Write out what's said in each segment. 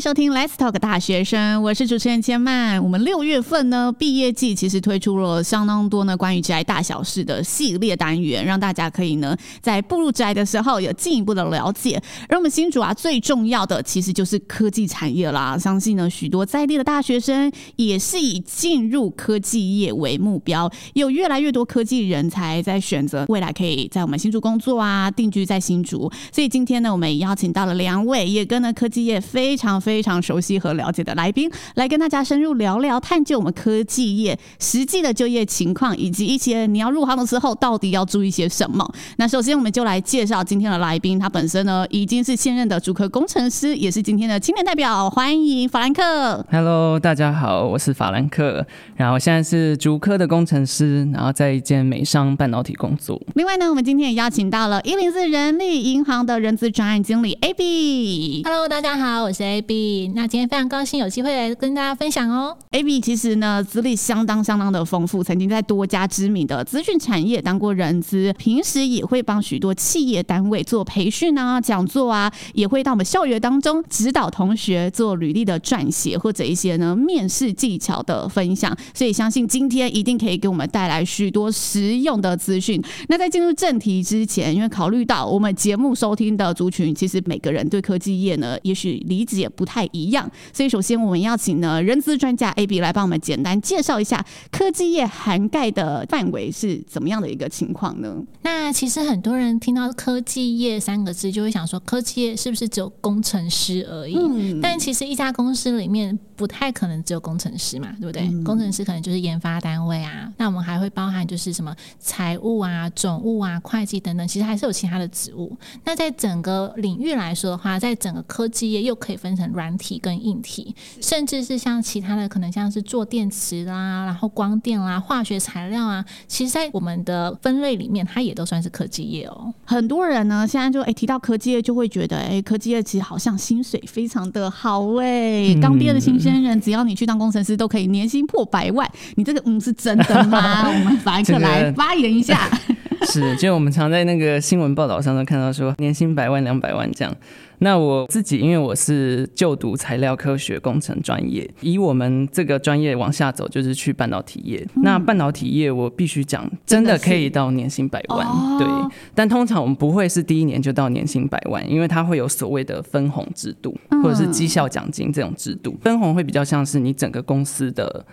收聽 Let's Talk 大學生，我是主持人千嫚。我們六月份呢畢業季，其實推出了相當多呢關於職涯大小事的系列單元，讓大家可以呢在步入職涯的時候有進一步的了解。而我們新竹啊，最重要的其實就是科技產業啦。相信呢許多在地的大學生也是以進入科技業為目標，有越來越多科技人才在選擇未來可以在我們新竹工作啊，定居在新竹。所以今天呢，我們也邀請到了兩位，也跟呢科技業非常非非常熟悉和了解的來賓，來跟大家深入聊聊，探究我們科技業實際的就業情況，以及一些你要入行的時候到底要注意些什麼。那首先，我們就來介紹今天的來賓，他本身呢已經是現任的主科工程師，也是今天的青年代表。歡迎法蘭克！Hello，大家好，我是法蘭克。然後我現在是主科的工程師，然後在一間美商半導體工作。另外呢，我們今天也邀請到了一零四人力銀行的人資專案經理 Abby。Hello，大家好，我是 Abby。那今天非常高興有機會來跟大家分享哦。Abby 其實呢，資歷相當相當的豐富，曾經在多家知名的資訊產業當過人資，平時也會幫許多企業單位做培訓啊、講座啊，也會到我們校園當中指導同學做履歷的撰寫或者一些呢面試技巧的分享。所以相信今天一定可以給我們帶來許多實用的資訊。那在進入正題之前，因為考慮到我們節目收聽的族群，其實每個人對科技業呢，也許理解不。太一樣，所以首先我們要請呢，人資專家 Abby 來幫我們簡單介紹一下科技業涵蓋的範圍是怎麼樣的一個情況呢？那其實很多人聽到科技業三個字就會想說，科技業是不是只有工程師而已？嗯，但其實一家公司裡面不太可能只有工程師嘛，對不對？嗯，工程師可能就是研發單位啊，那我們還會包含就是什麼財務啊、總務啊、會計等等，其實還是有其他的職務。那在整個領域來說的話，在整個科技業又可以分成。軟體跟硬體，甚至是像其他的可能，像是做電池啦，然後光電啦、化學材料啊，其實在我們的分類裡面，它也都算是科技業哦。很多人呢，現在就哎、欸、提到科技業，就會覺得哎、欸，科技業其實好像薪水非常的好哎、欸。剛、嗯、畢、欸、業的新鮮人，只要你去當工程師，都可以年薪破百萬。你這個嗯是真的嗎？ 我們法蘭克來發言一下。 是，就我們常在那個新聞報道上都看到說年薪百萬、兩百萬這樣。那我自己，因為我是就讀材料科學工程專業，以我們這個專業往下走就是去半導體業。嗯、那半導體業，我必須講真的可以到年薪百萬，對。但通常我們不會是第一年就到年薪百萬，因為它會有所謂的分紅制度，或者是績效獎金這種制度，分紅會比較像是你整個公司的。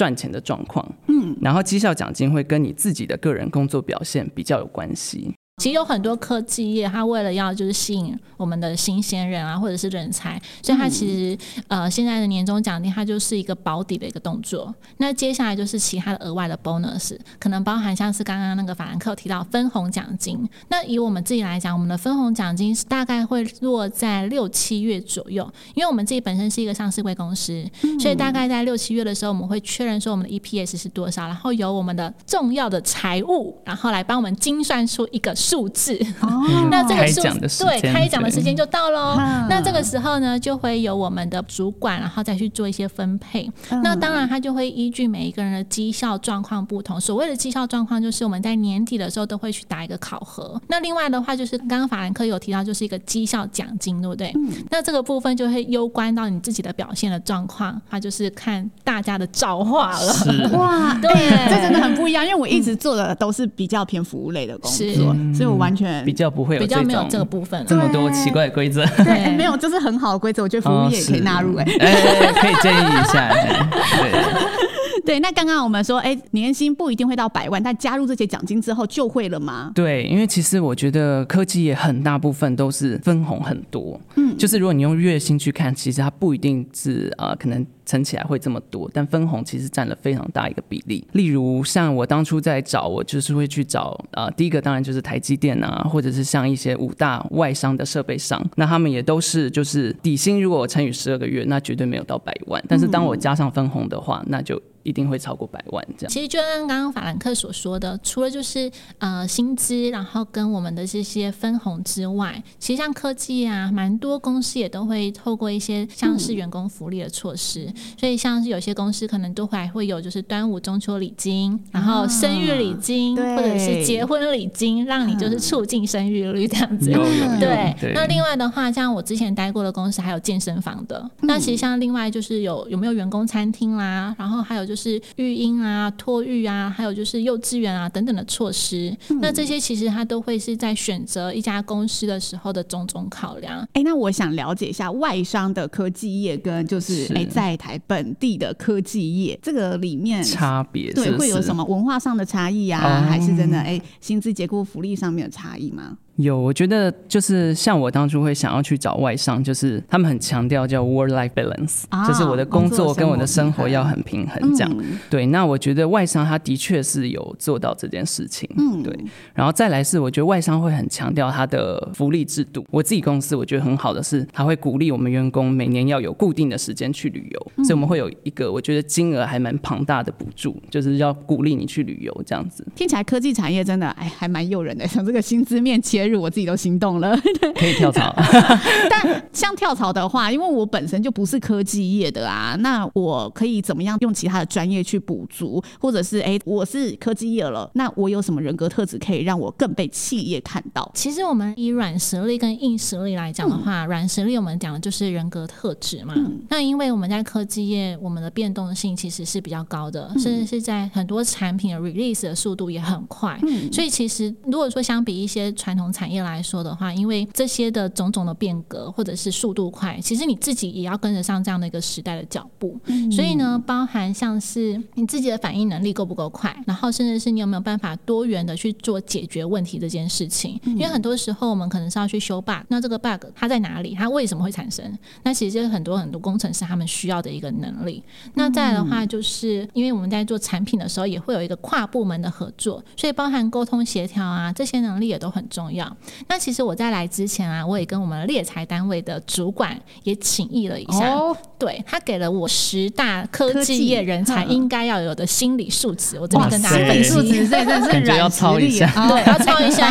賺錢的狀況，嗯，然後績效獎金會跟你自己的個人工作表現比較有關係。其實有很多科技業，他為了要就是吸引我們的新鮮人啊，或者是人才，所以它其實、嗯、呃現在的年終獎勵它就是一個保底的一個動作。那接下來就是其他的額外的 bonus，可能包含像是剛剛那個法蘭克提到分紅獎金。那以我們自己來講，我們的分紅獎金是大概會落在六七月左右，因為我們自己本身是一個上市櫃公司，嗯，所以大概在六七月的時候，我們會確認說我們的 EPS 是多少，然後由我們的重要的財務然後來幫我們精算出一個。數字、哦，那這個數對開獎講的時間就到嘍、啊。那這個時候呢，就會由我們的主管，然後再去做一些分配。啊、那當然，他就會依據每一個人的績效狀況不同。所謂的績效狀況，就是我們在年底的時候都會去打一個考核。那另外的話，就是剛剛法蘭克有提到，就是一個績效獎金，對不對、嗯？那這個部分就會攸關到你自己的表現的狀況，它就是看大家的造化了。哇，對、欸，這真的很不一樣。因為我一直做的都是比較偏服務類的工作。對我完全，嗯、比較不會有比較沒有這個部分，啊、這麼多奇怪的規則， 對、欸、沒有就是很好的規則，我覺得服務業也可以納入哎、欸哦欸，可以建議一下。 對。對，那剛剛我們說，哎、欸，年薪不一定會到百萬，但加入這些獎金之後就會了嗎？對，因為其實我覺得科技業很大部分都是分紅很多，嗯，就是如果你用月薪去看，其實它不一定是啊、呃，可能乘起來會這麼多，但分紅其實占了非常大一個比例。例如像我當初在找，我就是會去找啊、呃，第一個當然就是台積電啊，或者是像一些五大外商的設備商，那他們也都是就是底薪如果我乘以十二個月，那絕對沒有到百萬，但是當我加上分紅的話，嗯、那就一定會超過百萬這樣。其實就像剛剛法蘭克所說的，除了就是呃薪資，然後跟我們的這些分紅之外，其實像科技啊，蠻多公司也都會透過一些像是員工福利的措施。嗯、所以像是有些公司可能都還會有就是端午、中秋禮金，然後生育禮金、啊，或者是結婚禮金，讓你就是促進生育率這樣子。嗯、對、嗯。那另外的話，像我之前待過的公司還有健身房的。嗯、那其實像另外就是有有沒有員工餐廳啦，然後還有、就是就是育嬰啊、托育啊，還有就是幼稚園啊等等的措施、嗯。那這些其實他都會是在選擇一家公司的時候的種種考量。哎、欸，那我想了解一下外商的科技業跟就是哎、欸、在台本地的科技業這個裡面差別，對會有什麼文化上的差異啊、哦？還是真的哎、欸、薪資結構、福利上面的差異嗎？有，我覺得就是像我當初會想要去找外商，就是他們很強調叫 work-life balance，、啊、就是我的工作跟我的生活要很平衡這樣。啊嗯、對，那我覺得外商他的確是有做到這件事情，嗯，對。然後再來是，我覺得外商會很強調他的福利制度。我自己公司我覺得很好的是，他會鼓勵我們員工每年要有固定的時間去旅遊、嗯，所以我們會有一個我覺得金額還蠻龐大的補助，就是要鼓勵你去旅遊這樣子。聽起來科技產業真的哎還蠻誘人的，像這個薪資面切入。我自己都心動了，可以跳槽、啊。 但像跳槽的話，因為我本身就不是科技業的啊，那我可以怎麼樣用其他的專業去補足，或者是哎、欸，我是科技業了，那我有什麼人格特質可以讓我更被企業看到？其實我們以軟實力跟硬實力來講的話，軟、嗯、實力我們講的就是人格特質嘛。嗯、那因為我們在科技業，我們的變動性其實是比較高的，甚、嗯、至是在很多產品的 release 的速度也很快。嗯、所以其實如果說相比一些傳統產業來說的話，因為這些的種種的變革或者是速度快，其實你自己也要跟得上這樣的一個時代的腳步。嗯。所以呢，包含像是你自己的反應能力夠不夠快，然後甚至是你有沒有辦法多元的去做解決問題這件事情。嗯。因為很多時候我們可能是要去修 bug，那這個 bug 它在哪裡？它為什麼會產生？那其實就是很多很多工程師他們需要的一個能力。那再來的話，就是因為我們在做產品的時候也會有一個跨部門的合作，所以包含溝通協調啊，這些能力也都很重要。那其實我在來之前啊，我也跟我們獵才單位的主管也請益了一下，哦、對，他給了我十大科技、科技業人才應該要有的心理素質、嗯，我這跟大家真的跟心理素質在認真要抄一下，啊、對，抄一、哦欸、一下，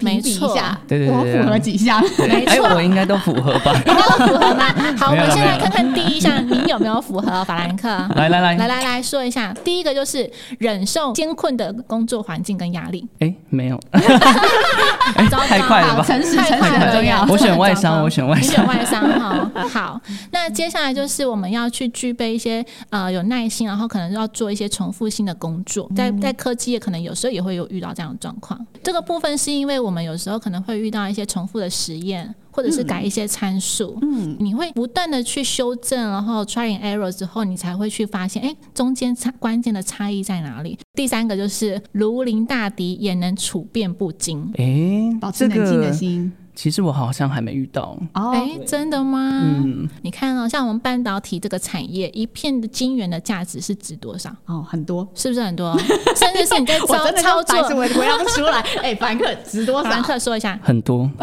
沒錯，對，對，對，對，沒錯，符合幾項？沒錯，我應該都符合吧， 應該都符合吧。好，沒有沒有，我們先來看看第一項，您有沒有符合？法蘭克，來來來，來來來說一下，第一個就是忍受艱困的工作環境跟壓力，哎、欸，沒有。 太快了吧，誠實很重要。我選外商，我選外商。你選外商哈，商 好。那接下來就是我們要去具備一些呃有耐心，然後可能要做一些重複性的工作，在在科技業，可能有時候也會有遇到這樣的狀況。嗯。這個部分是因為我們有時候可能會遇到一些重複的實驗。或者是改一些參數、嗯嗯，你會不斷的去修正，然後 try and error 之後，你才會去發現，哎、欸，中間差關鍵的差異在哪裡？第三個就是如臨大敵也能處變不驚，哎、欸，保持冷靜的心。其實我好像還沒遇到哦、欸，真的嗎？嗯，你看哦、喔，像我們半導體這個產業，一片的晶圓的價值是值多少？哦，很多，是不是很多？ 甚至是你在操操作，我，不我要不出來，哎、 欸，法蘭克值多少？法蘭克說一下，很多。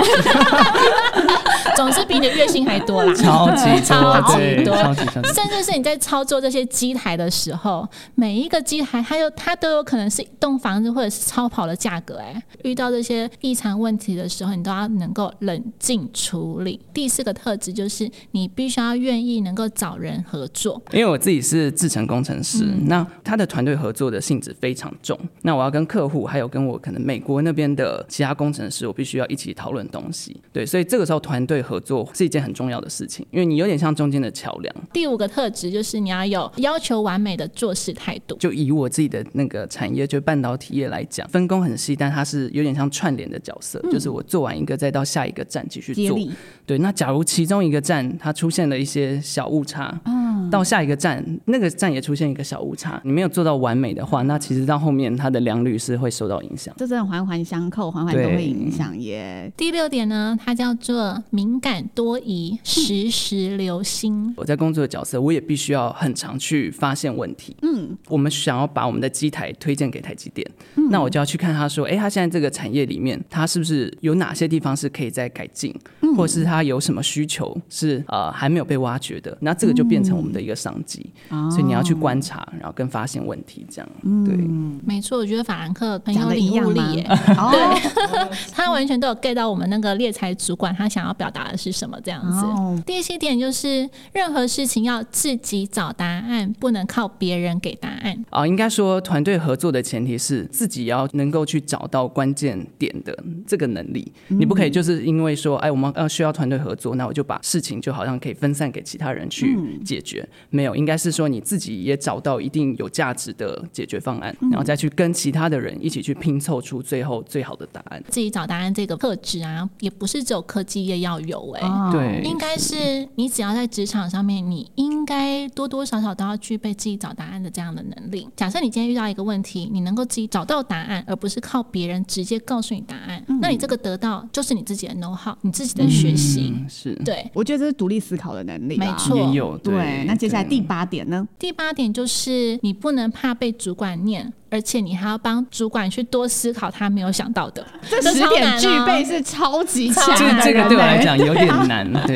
總是比你的月薪還多啦，超級多，超級多，超級多，甚至是你在操作這些機檯的時候，每一個機台它有它都有可能是一棟房子或者是超跑的價格、欸。哎，遇到這些異常問題的時候，你都要能夠冷靜處理。第四個特質就是你必須要願意能夠找人合作，因為我自己是製程工程師，嗯、那他的團隊合作的性質非常重。那我要跟客戶，還有跟我可能美國那邊的其他工程師，我必須要一起討論東西。對，所以這個時候團隊。合作是一件很重要的事情，因為你有點像中間的橋樑。第五個特質就是你要有要求完美的做事態度。就以我自己的那個產業，就半導體業來講，分工很細，但它是有點像串聯的角色、嗯，就是我做完一個，再到下一個站繼續做。對，那假如其中一個站它出現了一些小誤差，嗯、啊，到下一個站那個站也出現一個小誤差，你沒有做到完美的話，那其實到後面它的良率是會受到影響。這真的環環相扣，環環都會影響耶。第六點呢，它叫做明，明、敏感多疑，時時留心。我在工作的角色，我也必須要很常去發現問題。嗯，我們想要把我們的機台推薦給台積電、嗯，那我就要去看他說，哎、欸，他現在這個產業裡面，他是不是有哪些地方是可以再改進、嗯，或是他有什麼需求是呃還沒有被挖掘的？那這個就變成我們的一個商機、嗯。所以你要去觀察，然後跟發現問題這樣。對，嗯嗯、沒錯。我覺得法蘭克很有領悟力耶，對哦、 他完全都有 get 到我們那個獵才主管他想要表達。啊，是什麼這樣子？Oh. 第一些點就是任何事情要自己找答案，不能靠別人給答案。啊，應該說團隊合作的前提是自己要能夠去找到關鍵點的這個能力。你不可以就是因為說，哎、mm.，我們要需要團隊合作，那我就把事情就好像可以分散給其他人去解決。Mm. 沒有，應該是說你自己也找到一定有價值的解決方案，然後再去跟其他的人一起去拼湊出最後最好的答案。自己找答案這個特質啊，也不是只有科技業要有。有、哦、對，應該是你只要在職場上面，你應該多多少少都要具備自己找答案的這樣的能力。假設你今天遇到一個問題，你能夠自己找到答案，而不是靠別人直接告訴你答案、嗯，那你這個得到就是你自己的 know how，你自己的學習是、嗯。對，是，我覺得這是獨立思考的能力，沒錯。也有對，對，那接下來第八點呢？第八點呢？第八點就是你不能怕被主管念，而且你還要幫主管去多思考他沒有想到的。這十點具備是超級難的， 這，超難哦、就這個對我來講。有點難，對，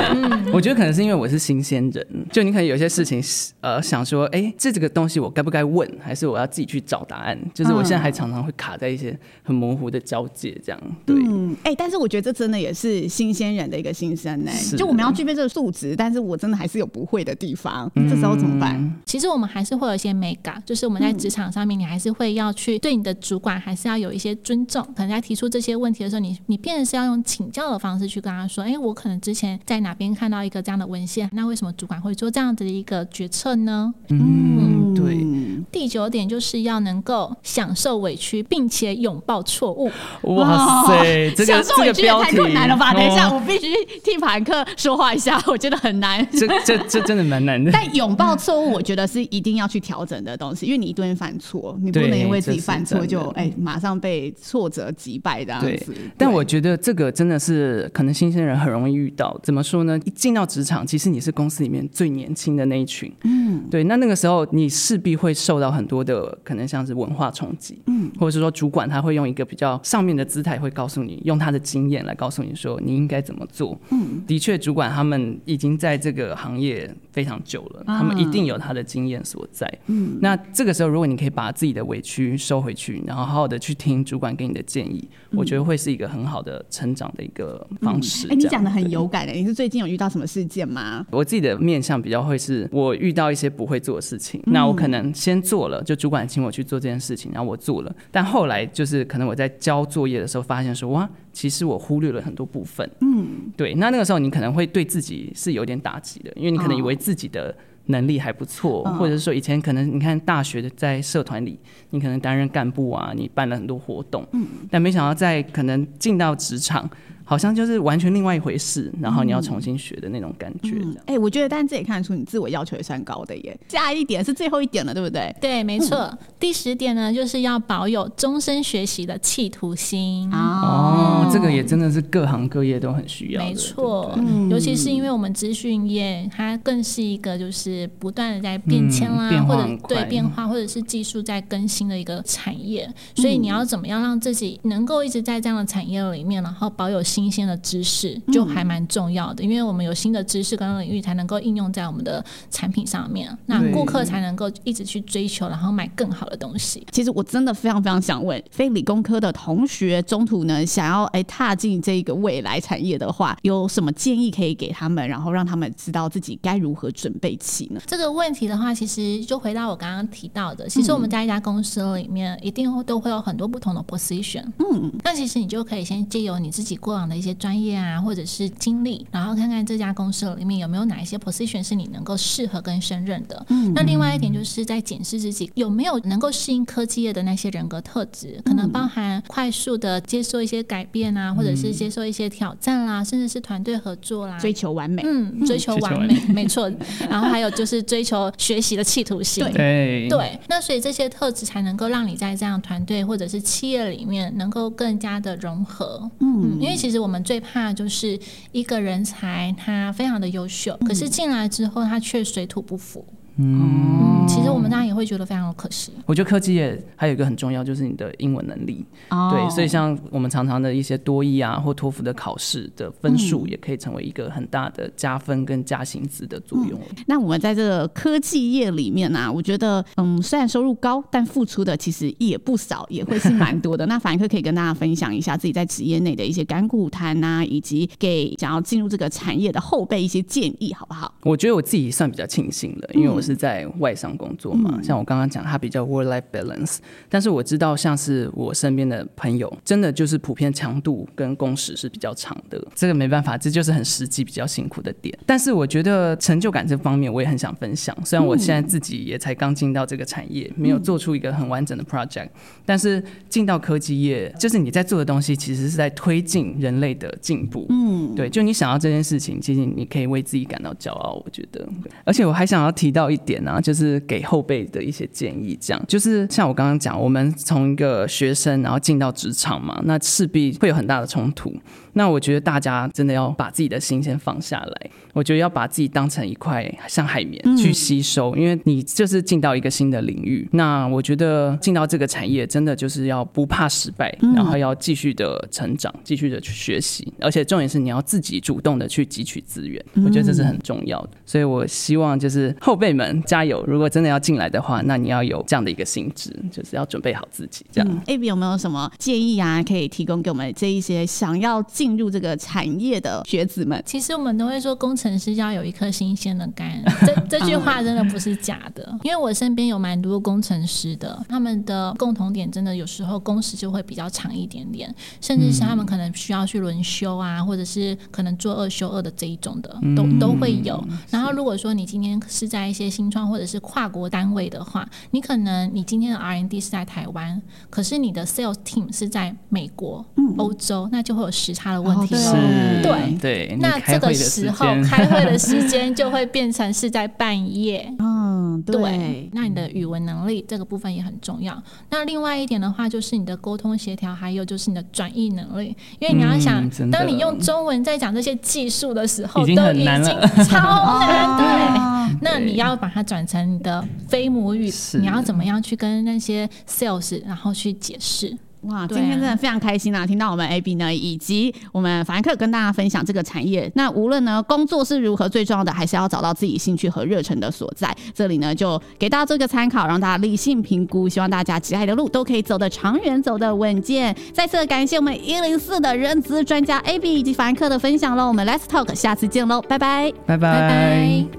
我覺得可能是因為我是新鮮人，就你可能有些事情是呃想說，哎，這這個東西我該不該問，還是我要自己去找答案？就是我現在還常常會卡在一些很模糊的交界，這樣對、嗯，對，哎，但是我覺得這真的也是新鮮人的一個心聲、欸，呢。就我們要具備這個素質，但是我真的還是有不會的地方、嗯，這時候怎麼辦？其實我們還是會有一些美感，就是我們在職場上面，你還是會要去對你的主管還是要有一些尊重，可能在提出這些問題的時候你，你你必然是要用請教的方式去跟他說，哎、欸，我。可能之前在哪邊看到一個這樣的文獻，那為什麼主管會做這樣子的一個決策呢？嗯，對。第九點就是要能夠享受委屈，並且擁抱錯誤。哇塞、哦這個，享受委屈也太困難了吧？這個、等一下，我必須替盤客說話一下，哦，我覺得很難。這這這真的蠻難的。 但擁抱錯誤，我覺得是一定要去調整的東西，因為你一旦犯錯，你不能因為自己犯錯就哎、欸、馬上被挫折擊敗這樣子對對。但我覺得這個真的是可能新鮮人很容。容易遇到怎麼說呢？一進到職場，其實你是公司裡面最年輕的那一群，嗯，對。那那個時候，你勢必會受到很多的可能，像是文化衝擊，嗯，或者是說主管他會用一個比較上面的姿態，會告訴你，用他的經驗來告訴你說，你應該怎麼做，嗯。的確，主管他們已經在這個行業非常久了，啊、他們一定有他的經驗所在，嗯。那這個時候，如果你可以把自己的委屈收回去，然後好好的去聽主管給你的建議，嗯、我覺得會是一個很好的成長的一個方式，嗯欸、這樣子。很有感的，你是最近有遇到什麼事件嗎？我自己的面向比較會是我遇到一些不會做的事情，那我可能先做了，就主管請我去做這件事情，然後我做了，但後來就是可能我在交作業的時候發現說，哇，其實我忽略了很多部分。嗯，對，那那個時候你可能會對自己是有點打擊的，因為你可能以為自己的能力還不錯，或者是說以前可能你看大學的在社團裡，你可能擔任幹部啊，你辦了很多活動，但沒想到在可能進到職場。好像就是完全另外一回事，然後你要重新學的那種感覺。哎、嗯嗯欸，我覺得，但是這也看得出你自我要求也算高的耶。下一點是最後一點了，對不對？對，沒錯。嗯、第十點呢，就是要保有終身學習的企圖心。哦，哦這個也真的是各行各業都很需要沒錯對對、嗯，尤其是因為我們資訊業，它更是一個就是不斷的在變遷啦，嗯、變化或者對變化或者是技術在更新的一個產業、嗯。所以你要怎麼樣讓自己能夠一直在這樣的產業裡面，然後保有新新鮮的知識就還蠻重要的、嗯，因為我們有新的知識跟領域才能夠應用在我們的產品上面，那顧客才能夠一直去追求，然後買更好的東西。其實我真的非常非常想問，非理工科的同學中途呢想要哎、欸、踏進這個未來產業的話，有什麼建議可以給他們，然後讓他們知道自己該如何準備起呢？這個問題的話，其實就回到我剛剛提到的，其實我們在一家公司裡面、嗯、一定都會有很多不同的 position，嗯，那其實你就可以先借由你自己過往。的一些專業啊，或者是經歷，然後看看這家公司裡面有沒有哪一些 position 是你能夠適合跟勝任的、嗯。那另外一點就是在檢視自己有沒有能夠適應科技業的那些人格特質、嗯，可能包含快速的接受一些改變啊，嗯、或者是接受一些挑戰啦，甚至是團隊合作啦，追求完美，嗯，追求完美，嗯嗯、完美沒錯。 然後還有就是追求學習的企圖心。對，對。那所以這些特質才能夠讓你在這樣團隊或者是企業裡面能夠更加的融合。嗯，嗯因為其其實我們最怕的就是一個人才，他非常的優秀，可是進來之後他卻水土不服。嗯，嗯，其實我們大家也會覺得非常可惜。嗯、我覺得科技業還有一個很重要，就是你的英文能力。哦、對，所以像我們常常的一些多益啊，或托福的考試的分數，也可以成為一個很大的加分跟加薪資的作用，嗯。那我們在這個科技業裡面呢，啊，我覺得，嗯，雖然收入高，但付出的其實也不少，也會是蠻多的。 那法蘭克可以跟大家分享一下自己在企業內的一些甘苦談啊，以及給想要進入這個產業的後輩一些建議，好不好？我覺得我自己算比較慶幸的，因為我是，嗯。是在外商工作嘛，像我剛剛講，他比較 work-life balance。但是我知道，像是我身邊的朋友，真的就是普遍強度跟工時是比較長的。這個沒辦法，這就是很實際、比較辛苦的點。但是我覺得成就感這方面，我也很想分享。雖然我現在自己也才剛進到這個產業，沒有做出一個很完整的 project，但是進到科技業，就是你在做的東西，其實是在推進人類的進步。嗯，對，就你想要這件事情，其實你可以為自己感到驕傲。我覺得，而且我還想要提到一。點呢，就是給後輩的一些建議，這樣，就是像我剛剛講，我們從一個學生然後進到職場嘛，那勢必會有很大的衝突。那我覺得大家真的要把自己的心先放下來，我覺得要把自己當成一塊像海綿去吸收，因為你就是進到一個新的領域。那我覺得進到這個產業，真的就是要不怕失敗，然後要繼續的成長，繼續的去學習，而且重點是你要自己主動的去汲取資源，我覺得這是很重要的。所以我希望就是後輩們加油！如果真的要進來的話，那你要有這樣的一個心智，就是要準備好自己這樣。嗯、Abby 有沒有什麼建議啊？可以提供給我們這一些想要進入這個產業的學子們？其實我們都會說，工程師要有一顆新鮮的肝，這這句話真的不是假的。 因為我身邊有蠻多工程師的，他們的共同點真的有時候工時就會比較長一點點，甚至是他們可能需要去輪休啊、嗯，或者是可能做二休二的這一種的，都都會有、嗯。然後如果說你今天是在一些新創或者是跨國單位的話，你可能你今天的 R&D 是在台灣，可是你的 Sales Team 是在美國、歐、嗯、洲，那就會有時差的問題、哦。對、哦、對、對，那這個時候開會的時間就會變成是在半夜。嗯對，對。那你的語文能力這個部分也很重要。那另外一點的話，就是你的溝通協調，還有就是你的轉譯能力，因為你要想，嗯、當你用中文在講這些技術的時候，已經很難了，超難、哦。對，那你要。把它轉成你的非母語，你要怎麼樣去跟那些 sales 然後去解釋？哇、啊，今天真的非常開心啊！聽到我們 Abby 呢，以及我們法蘭克跟大家分享這個產業。那無論呢，工作是如何，最重要的還是要找到自己興趣和熱忱的所在。這裡呢，就給大家做一個參考，讓大家理性評估。希望大家熱愛的路都可以走得長遠，走得穩健。再次感謝我們一零四的人資專家 Abby 以及法蘭克的分享嘍。我們 Let's talk，下次見嘍，拜拜，拜拜。Bye bye